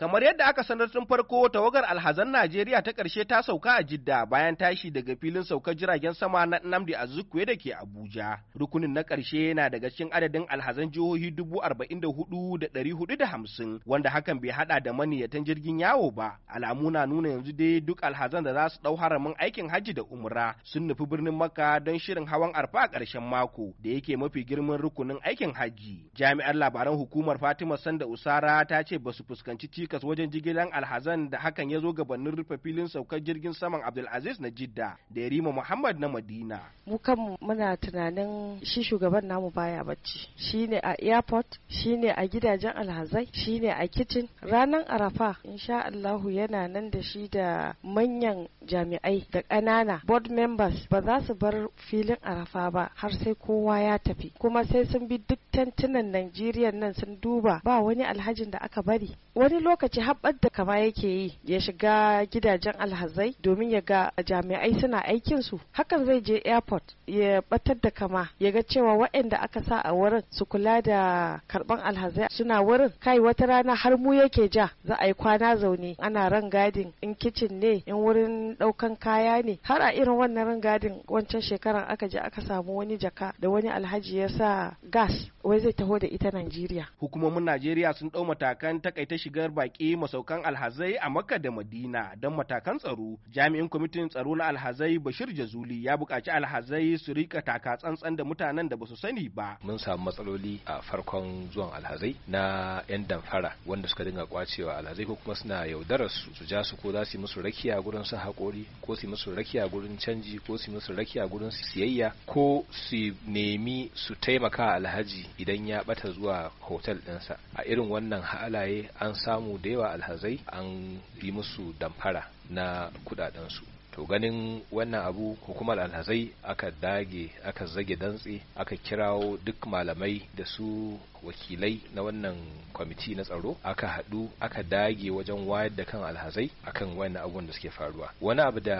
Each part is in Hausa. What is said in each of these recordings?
Kamar yadda aka sanar tun farko tawagar alhazan Najeriya ta ƙarshe ta sauka a Jidda bayan tashi daga filin saukar jiragen sama na Nnamdi Azikiwe da ke Abuja. Rukunin na ƙarshe na daga cikin adadin alhazan jihohi dubu arba'in da hudu da ɗari hudu da hamsin wanda hakan bai haɗa da maniyatan jirgin yawo ba. Alamu na nuna yanzu dai duk alhazan da za su ɗau haramin aikin hajji da umra sun nufi birnin Makka don shirin hawan arfa a ƙarshen mako da yake mafi girman rukunin aikin hajji. Jami'ar labaran hukumar Fatima Sanda Usara ta ce ba su fuskanci cikas wajen jigilan alhazan da hakan ya zo gabanin rufe filin saukar jirgin saman Abdulaziz na Jidda da rima Muhammad na Madina. Mu kan muna tunanin shi shugaban namu baya bacci. Shi ne a airport, shi ne a gidajen alhazai, shi ne a kitchen. Ranar Arafa, insha Allahu yana nan da shi da manyan jami'ai da ƙanana board members ba za su bar filin arafa ba har sai kowa ya tafi kuma sai sun bi duk tantunan Najeriya nan sun duba ba wani alhajin da aka bari wani lokaci haɓar da kama yake yi ya shiga gidajen alhazai domin ya ga jami'ai suna aikin su hakan zai je airport ya batar da kama ya ga cewa waɗanda aka sa a wurin su kula da karɓan alhazai suna wurin kai wata rana har mu yake ja za a yi kwana zaune ana ran gadin in kicin ne in wurin ɗaukan kaya ne har a irin wannan rangadin wancan shekaran aka je aka samu wani jaka da wani alhaji ya sa gas wai zai taho da ita Najeriya. Hukumomin Najeriya sun ɗau matakan takaita shigar baƙi masaukan alhazai a Makka da Madina don matakan tsaro. Jami'in kwamitin tsaro na alhazai Bashir Jazuli ya buƙaci alhazai su rika taka tsantsan da mutanen da ba sani ba. Mun samu matsaloli a farkon zuwan alhazai na 'yan damfara wanda suka dinga kwacewa alhazai ko kuma suna yaudarar su su ja su ko za su yi musu rakiya gurin sa haƙori ko su musu rakiya gurin canji ko su musu rakiya gurin siyayya ko su nemi su taimaka alhaji idan ya bata zuwa hotel sa a irin wannan halaye an samu da yawa alhazai an yi musu damfara na kudadensu to ganin wannan abu hukumar alhazai aka dage aka zage dantse aka kirawo duk malamai da su wakilai na wannan kwamiti na tsaro aka haɗu aka dage wajen wayar da kan alhazai akan wannan abubuwan da suke faruwa wani abu da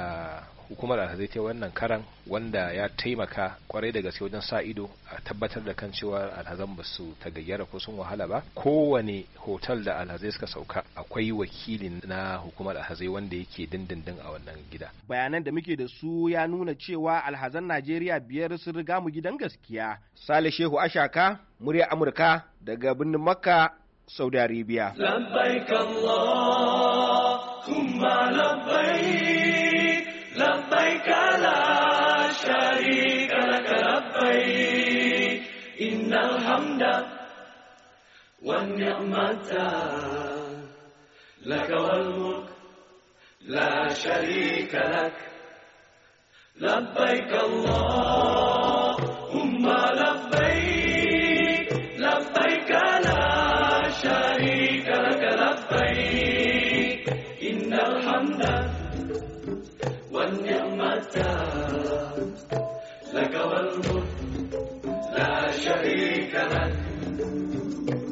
hukumar alhazai ta wannan karan wanda ya taimaka kwarai da gaske wajen sa ido a tabbatar da kan cewa alhazan ba su ta gayyara ko sun wahala ba kowane hotel da alhazai suka sauka akwai wakilin na hukumar alhazai wanda yake dindindin a wannan gida bayanan da muke da su ya nuna cewa alhazan najeriya biyar sun riga mu gidan gaskiya sale shehu ashaka murya amurka daga birnin makka saudi arabia labbaik kuma labbaik لبيك لا شريك لك لبيك إن الحمد والنعمة لك والملك لا شريك لك لبيك الله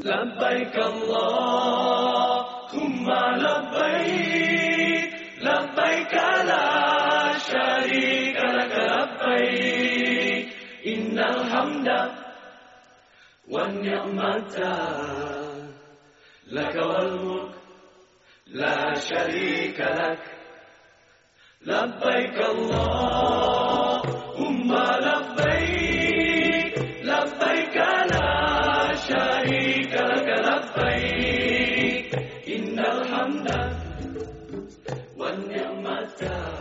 لبيك اللهم لبيك لبيك لا شريك لك لبيك إن الحمد والنعمة لك والملك لا شريك لك لبيك اللهم لبيك Doctor.